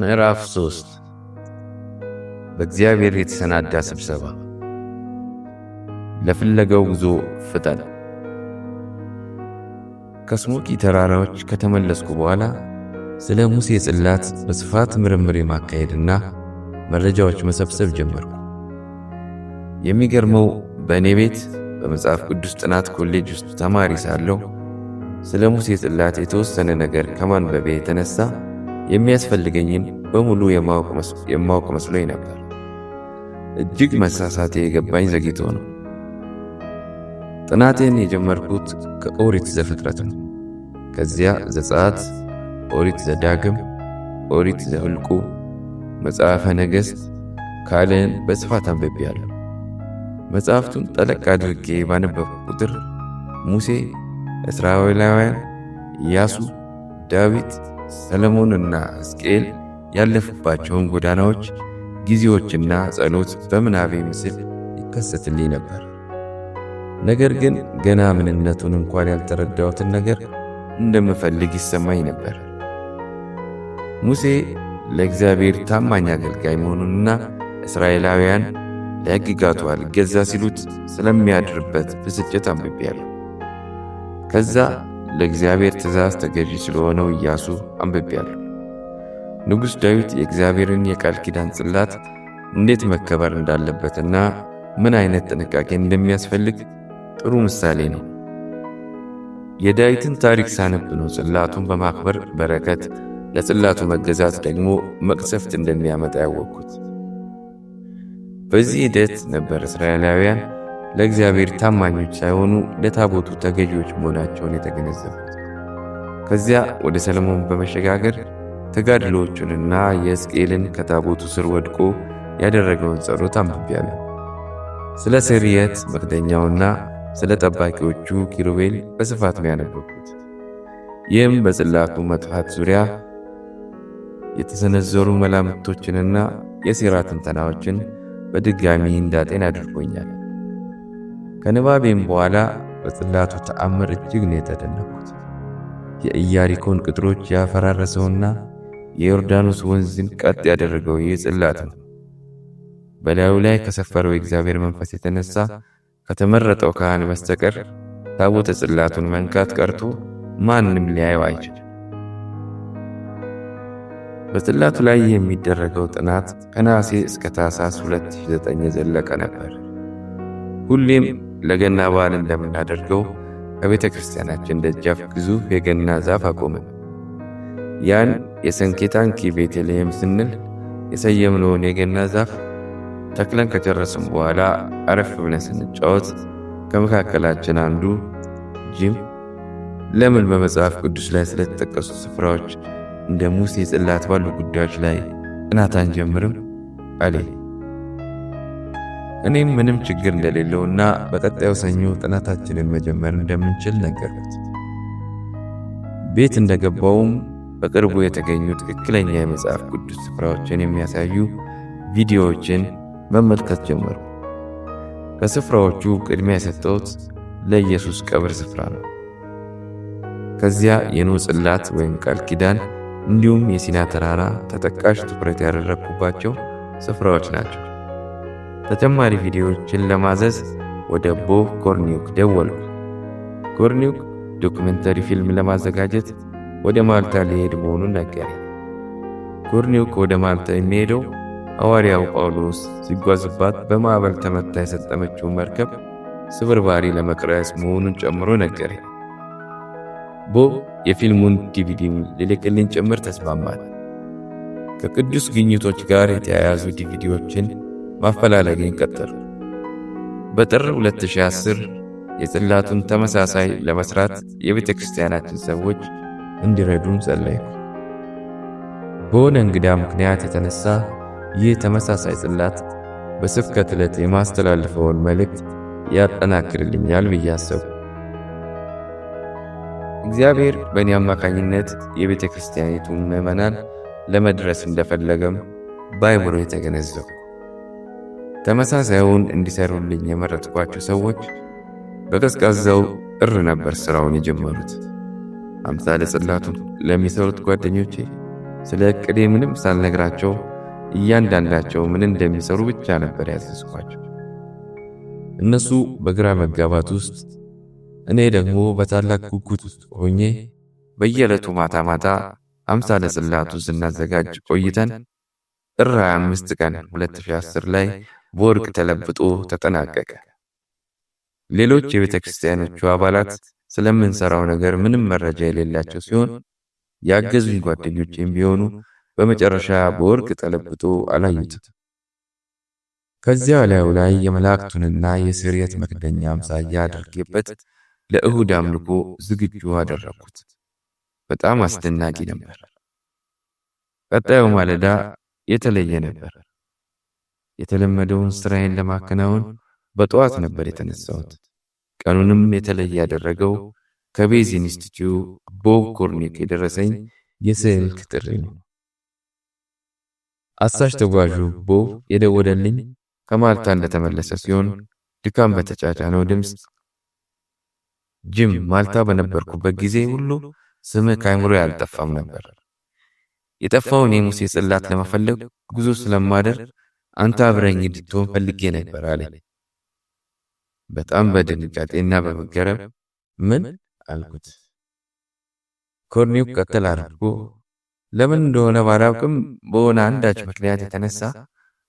ምዕራፍ 3 በእግዚአብሔር የተሰናዳ ስብሰባ። ለፍለጋው ጉዞ ፍጠን። ከስሞቂ ተራራዎች ከተመለስኩ በኋላ ስለ ሙሴ ጽላት በስፋት ምርምር የማካሄድና መረጃዎች መሰብሰብ ጀመርኩ። የሚገርመው በእኔ ቤት በመጽሐፍ ቅዱስ ጥናት ኮሌጅ ውስጥ ተማሪ ሳለሁ ስለ ሙሴ ጽላት የተወሰነ ነገር ከማንበቤ የተነሳ የሚያስፈልገኝን በሙሉ የማወቅ መስሎኝ ነበር። እጅግ መሳሳቴ የገባኝ ዘግይቶ ነው። ጥናቴን የጀመርኩት ከኦሪት ዘፍጥረት ነው። ከዚያ ዘጸአት፣ ኦሪት ዘዳግም፣ ኦሪት ዘኍልቍ፣ መጽሐፈ ነገሥት ካልዕን በስፋት አንብቤያለሁ። መጽሐፍቱን ጠለቅ አድርጌ ባነበብኩ ቁጥር ሙሴ፣ እስራኤላውያን፣ ኢያሱ፣ ዳዊት ሰለሞንና ሕዝቅኤል ያለፉባቸውን ጎዳናዎች፣ ጊዜዎችና ጸሎት በምናቤ ምስል ይከሰትልኝ ነበር። ነገር ግን ገና ምንነቱን እንኳን ያልተረዳሁትን ነገር እንደምፈልግ ይሰማኝ ነበር። ሙሴ ለእግዚአብሔር ታማኝ አገልጋይ መሆኑንና እስራኤላውያን ለሕግጋቱ አልገዛ ሲሉት ስለሚያድርበት ብስጭት አንብቤያለሁ። ከዛ ለእግዚአብሔር ትእዛዝ ተገዢ ስለሆነው ኢያሱ አንብቤያለሁ። ንጉሥ ዳዊት የእግዚአብሔርን የቃል ኪዳን ጽላት እንዴት መከበር እንዳለበትና ምን አይነት ጥንቃቄ እንደሚያስፈልግ ጥሩ ምሳሌ ነው። የዳዊትን ታሪክ ሳነብ ነው ጽላቱን በማክበር በረከት፣ ለጽላቱ መገዛት ደግሞ መቅሰፍት እንደሚያመጣ ያወቅኩት። በዚህ ሂደት ነበር እስራኤላውያን ለእግዚአብሔር ታማኞች ሳይሆኑ ለታቦቱ ተገዢዎች መሆናቸውን የተገነዘቡት። ከዚያ ወደ ሰለሞን በመሸጋገር ተጋድሎዎቹንና የሕዝቅኤልን ከታቦቱ ስር ወድቆ ያደረገውን ጸሎት አንብቤያለሁ። ስለ ስርየት መክደኛውና ስለ ጠባቂዎቹ ኪሩቤል በስፋት ነው ያነበብኩት። ይህም በጽላቱ መጥፋት ዙሪያ የተሰነዘሩ መላምቶችንና የሴራ ትንተናዎችን በድጋሚ እንዳጤን አድርጎኛል። ከንባቤም በኋላ በጽላቱ ተአምር እጅግ ነው የተደነኩት። የኢያሪኮን ቅጥሮች ያፈራረሰውና የዮርዳኖስ ወንዝን ቀጥ ያደረገው ይህ ጽላት ነው። በላዩ ላይ ከሰፈረው የእግዚአብሔር መንፈስ የተነሳ ከተመረጠው ካህን በስተቀር ታቦተ ጽላቱን መንካት ቀርቶ ማንም ሊያየው አይችልም። በጽላቱ ላይ የሚደረገው ጥናት ከነሐሴ እስከ ታኅሳስ 2009 የዘለቀ ነበር። ሁሌም ለገና በዓል እንደምናደርገው ከቤተ ክርስቲያናችን ደጃፍ ግዙፍ የገና ዛፍ አቆምን። ያን የሰንኬታንኪ ቤተልሔም ስንል የሰየምነውን የገና ዛፍ ተክለን ከጨረስም በኋላ አረፍ ብለን ስንጫወት ከመካከላችን አንዱ ጂም ለምን በመጽሐፍ ቅዱስ ላይ ስለተጠቀሱ ስፍራዎች እንደ ሙሴ ጽላት ባሉ ጉዳዮች ላይ ጥናት አንጀምርም አሌ እኔም ምንም ችግር እንደሌለውና በቀጣዩ ሰኞ ጥናታችንን መጀመር እንደምንችል ነገርኩት። ቤት እንደገባውም በቅርቡ የተገኙ ትክክለኛ የመጽሐፍ ቅዱስ ስፍራዎችን የሚያሳዩ ቪዲዮዎችን መመልከት ጀመሩ። ከስፍራዎቹ ቅድሚያ የሰጠሁት ለኢየሱስ ቀብር ስፍራ ነው። ከዚያ የኑ ጽላት ወይም ቃል ኪዳን እንዲሁም የሲና ተራራ ተጠቃሽ ትኩረት ያደረግኩባቸው ስፍራዎች ናቸው። ተጨማሪ ቪዲዮዎችን ለማዘዝ ወደ ቦብ ኮርኒዩክ ደወሉ። ኮርኒዩክ ዶክመንተሪ ፊልም ለማዘጋጀት ወደ ማልታ ሊሄድ መሆኑን ነገረ። ኮርኒዩክ ወደ ማልታ የሚሄደው ሐዋርያው ጳውሎስ ሲጓዝባት በማዕበል ተመታ የሰጠመችውን መርከብ ስብርባሪ ለመቅረስ መሆኑን ጨምሮ ነገረ። ቦ የፊልሙን ዲቪዲም ሊልክልን ጭምር ተስማማል። ከቅዱስ ግኝቶች ጋር የተያያዙ ዲቪዲዎችን ማፈላለግን ቀጠሉ። በጥር 2010 የጽላቱን ተመሳሳይ ለመስራት የቤተ ክርስቲያናችን ሰዎች እንዲረዱን ጸለይኩ። በሆነ እንግዳ ምክንያት የተነሳ ይህ ተመሳሳይ ጽላት በስብከት ዕለት የማስተላልፈውን መልእክት ያጠናክርልኛል ብዬ አሰብኩ። እግዚአብሔር በእኔ አማካኝነት የቤተ ክርስቲያኒቱን ምዕመናን ለመድረስ እንደፈለገም በአእምሮ የተገነዘቡ ተመሳሳዩን እንዲሰሩልኝ የመረጥኳቸው ሰዎች በቀዝቃዛው እር ነበር ሥራውን የጀመሩት። አምሳለ ጽላቱን ለሚሰሩት ጓደኞቼ ስለ ዕቅዴ ምንም ሳልነግራቸው እያንዳንዳቸው ምን እንደሚሰሩ ብቻ ነበር ያዘዝኳቸው። እነሱ በግራ መጋባት ውስጥ፣ እኔ ደግሞ በታላቅ ጉጉት ውስጥ ሆኜ በየዕለቱ ማታ ማታ አምሳለ ጽላቱ ስናዘጋጅ ቆይተን ጥር 25 ቀን 2010 ላይ በወርቅ ተለብጦ ተጠናቀቀ። ሌሎች የቤተ ክርስቲያኖቹ አባላት ስለምንሰራው ነገር ምንም መረጃ የሌላቸው ሲሆን ያገዙኝ ጓደኞቼም ቢሆኑ በመጨረሻ በወርቅ ተለብጦ አላዩትም። ከዚያ ላዩ ላይ የመላእክቱንና የስርየት መክደኛ አምሳያ አድርጌበት ለእሁድ አምልኮ ዝግጁ አደረኩት። በጣም አስደናቂ ነበር። ቀጣዩ ማለዳ የተለየ ነበር። የተለመደውን ስራዬን ለማከናወን በጠዋት ነበር የተነሳሁት። ቀኑንም የተለየ ያደረገው ከቤዝ ኢንስቲትዩት ቦብ ኮርኒክ የደረሰኝ የስልክ ጥሪ ነው። አሳሽ ተጓዡ ቦብ የደወለልኝ ከማልታ እንደተመለሰ ሲሆን ድካም በተጫጫነው ድምፅ ጅም፣ ማልታ በነበርኩበት ጊዜ ሁሉ ስምህ ከአይምሮ ያልጠፋም ነበር። የጠፋውን የሙሴ ጽላት ለመፈለግ ጉዞ ስለማደር አንተ አብረኝ እንድትሆን ፈልጌ ነበር አለ። በጣም በድንጋጤና በመገረም ምን አልኩት። ኮርኒው ቀጠል አድርጎ ለምን እንደሆነ ባላውቅም በሆነ አንዳች ምክንያት የተነሳ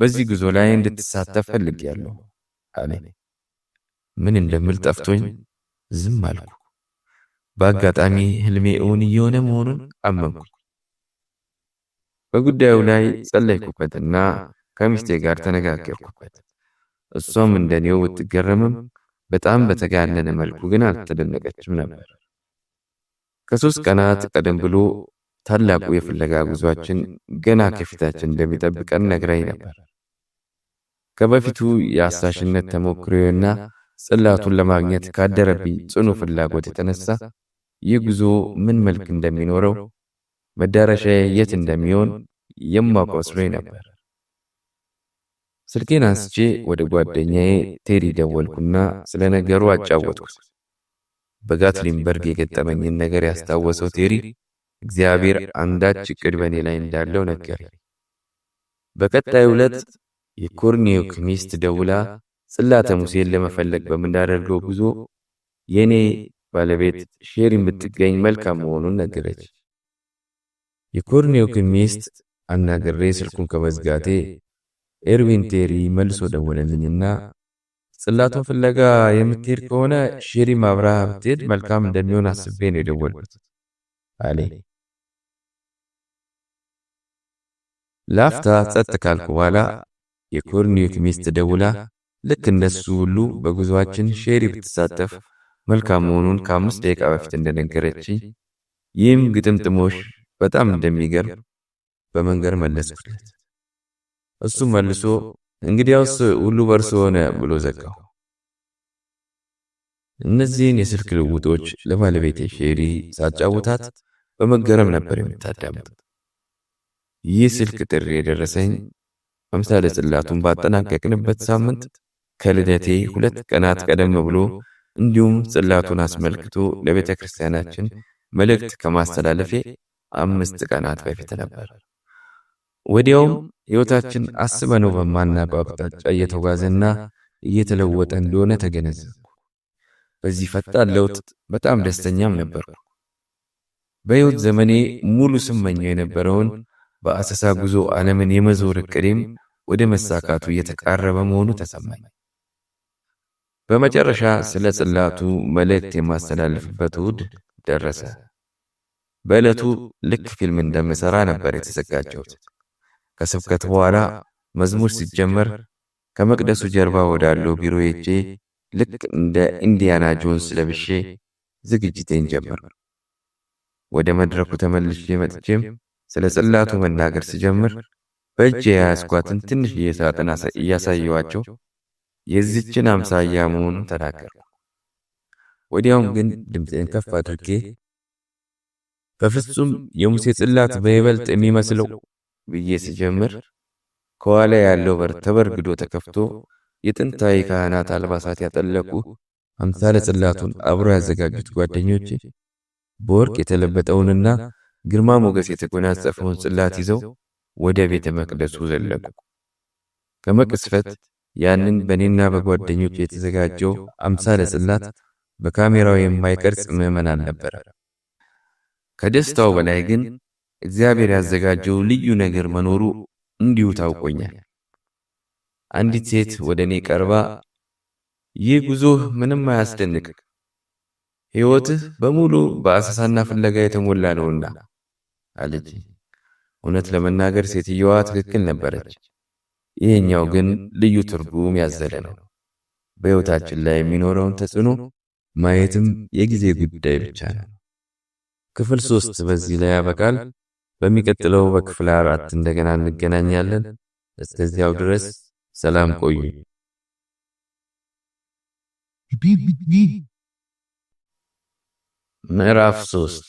በዚህ ጉዞ ላይ እንድትሳተፍ ፈልጌያለሁ አለ። ምን እንደምል ጠፍቶኝ ዝም አልኩ። በአጋጣሚ ህልሜ እውን እየሆነ መሆኑን አመንኩ። በጉዳዩ ላይ ጸለይኩበትና ከሚስቴ ጋር ተነጋገርኩበት። እሷም እንደኔው ብትገረምም በጣም በተጋነነ መልኩ ግን አልተደነቀችም ነበር። ከሶስት ቀናት ቀደም ብሎ ታላቁ የፍለጋ ጉዟችን ገና ከፊታችን እንደሚጠብቀን ነግራኝ ነበር። ከበፊቱ የአሳሽነት ተሞክሮና ጽላቱን ለማግኘት ካደረብኝ ጽኑ ፍላጎት የተነሳ ይህ ጉዞ ምን መልክ እንደሚኖረው፣ መዳረሻ የት እንደሚሆን የማቆስሎኝ ነበር። ስልኬን አስቼ ወደ ጓደኛዬ ቴዲ ደወልኩና ስለ ነገሩ አጫወትኩት። በጋትሊንበርግ የገጠመኝን ነገር ያስታወሰው ቴሪ እግዚአብሔር አንዳች እቅድ በእኔ ላይ እንዳለው ነገር። በቀጣዩ ዕለት የኮርኒዮክ ሚስት ደውላ ጽላተ ሙሴን ለመፈለግ በምናደርገው ጉዞ የእኔ ባለቤት ሼሪ የምትገኝ መልካም መሆኑን ነገረች። የኮርኒዮክን ሚስት አናግሬ ስልኩን ከመዝጋቴ ኤርዊን ቴሪ መልሶ ደወለልኝና ጽላቱን ፍለጋ የምትሄድ ከሆነ ሽሪ ማብራ ብትሄድ መልካም እንደሚሆን አስቤ ነው የደወልኩት አለ። ለአፍታ ጸጥ ካልኩ በኋላ የኮርኒዮት ሚስት ደውላ ልክ እንደሱ ሁሉ በጉዞአችን ሼሪ ብትሳተፍ መልካም መሆኑን ከአምስት ደቂቃ በፊት እንደነገረች፣ ይህም ግጥምጥሞሽ በጣም እንደሚገርም በመንገር መለስኩለት። እሱ መልሶ እንግዲያውስ ሁሉ በርሶ ሆነ ብሎ ዘጋው። እነዚህን የስልክ ልውጦች ለባለቤቴ ሼሪ ሳጫውታት በመገረም ነበር የምታዳምጥ። ይህ ስልክ ጥሪ የደረሰኝ አምሳለ ጽላቱን ባጠናቀቅንበት ሳምንት ከልደቴ ሁለት ቀናት ቀደም ብሎ እንዲሁም ጽላቱን አስመልክቶ ለቤተ ክርስቲያናችን መልእክት ከማስተላለፌ አምስት ቀናት በፊት ነበር። ወዲያውም ሕይወታችን አስበነው በማናውቀው አቅጣጫ እየተጓዘና እየተለወጠ እንደሆነ ተገነዘብኩ። በዚህ ፈጣን ለውጥ በጣም ደስተኛም ነበርኩ። በሕይወት ዘመኔ ሙሉ ስመኘው የነበረውን በአሰሳ ጉዞ ዓለምን የመዞር እቅዴም ወደ መሳካቱ እየተቃረበ መሆኑ ተሰማኝ። በመጨረሻ ስለ ጽላቱ መልእክት የማስተላልፍበት እሁድ ደረሰ። በዕለቱ ልክ ፊልም እንደምሠራ ነበር የተዘጋጀሁት። ከስብከት በኋላ መዝሙር ሲጀመር ከመቅደሱ ጀርባ ወዳለው ቢሮ ሄጄ ልክ እንደ ኢንዲያና ጆንስ ለብሼ ዝግጅቴን ጀመር። ወደ መድረኩ ተመልሼ መጥቼም ስለ ጽላቱ መናገር ስጀምር በእጅ የያዝኳትን ትንሽዬ ሳጥን እያሳየዋቸው የዚችን አምሳያ መሆኑን ተናገርኩ። ወዲያውም ግን ድምፅን ከፍ አድርጌ በፍጹም የሙሴ ጽላት በይበልጥ የሚመስለው ብዬ ስጀምር ከኋላ ያለው በር ተበርግዶ ተከፍቶ የጥንታዊ ካህናት አልባሳት ያጠለቁ አምሳለ ጽላቱን አብሮ ያዘጋጁት ጓደኞቼ በወርቅ የተለበጠውንና ግርማ ሞገስ የተጎናጸፈውን ጽላት ይዘው ወደ ቤተ መቅደሱ ዘለቁ። ከመቅስፈት ያንን በእኔና በጓደኞች የተዘጋጀው አምሳለ ጽላት በካሜራው የማይቀርጽ ምዕመናን ነበረ። ከደስታው በላይ ግን እግዚአብሔር ያዘጋጀው ልዩ ነገር መኖሩ እንዲሁ ታውቆኛል። አንዲት ሴት ወደ እኔ ቀርባ ይህ ጉዞህ ምንም አያስደንቅ፣ ሕይወትህ በሙሉ በአሰሳና ፍለጋ የተሞላ ነውና አለች። እውነት ለመናገር ሴትየዋ ትክክል ነበረች። ይህኛው ግን ልዩ ትርጉም ያዘለ ነው። በሕይወታችን ላይ የሚኖረውን ተጽዕኖ ማየትም የጊዜ ጉዳይ ብቻ ነው። ክፍል ሶስት በዚህ ላይ ያበቃል። በሚቀጥለው በክፍል አራት እንደገና እንገናኛለን። እስከዚያው ድረስ ሰላም ቆዩ። ምዕራፍ ሶስት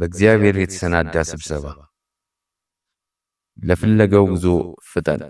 በእግዚአብሔር የተሰናዳ ስብሰባ። ለፍለገው ጉዞ ፍጠን።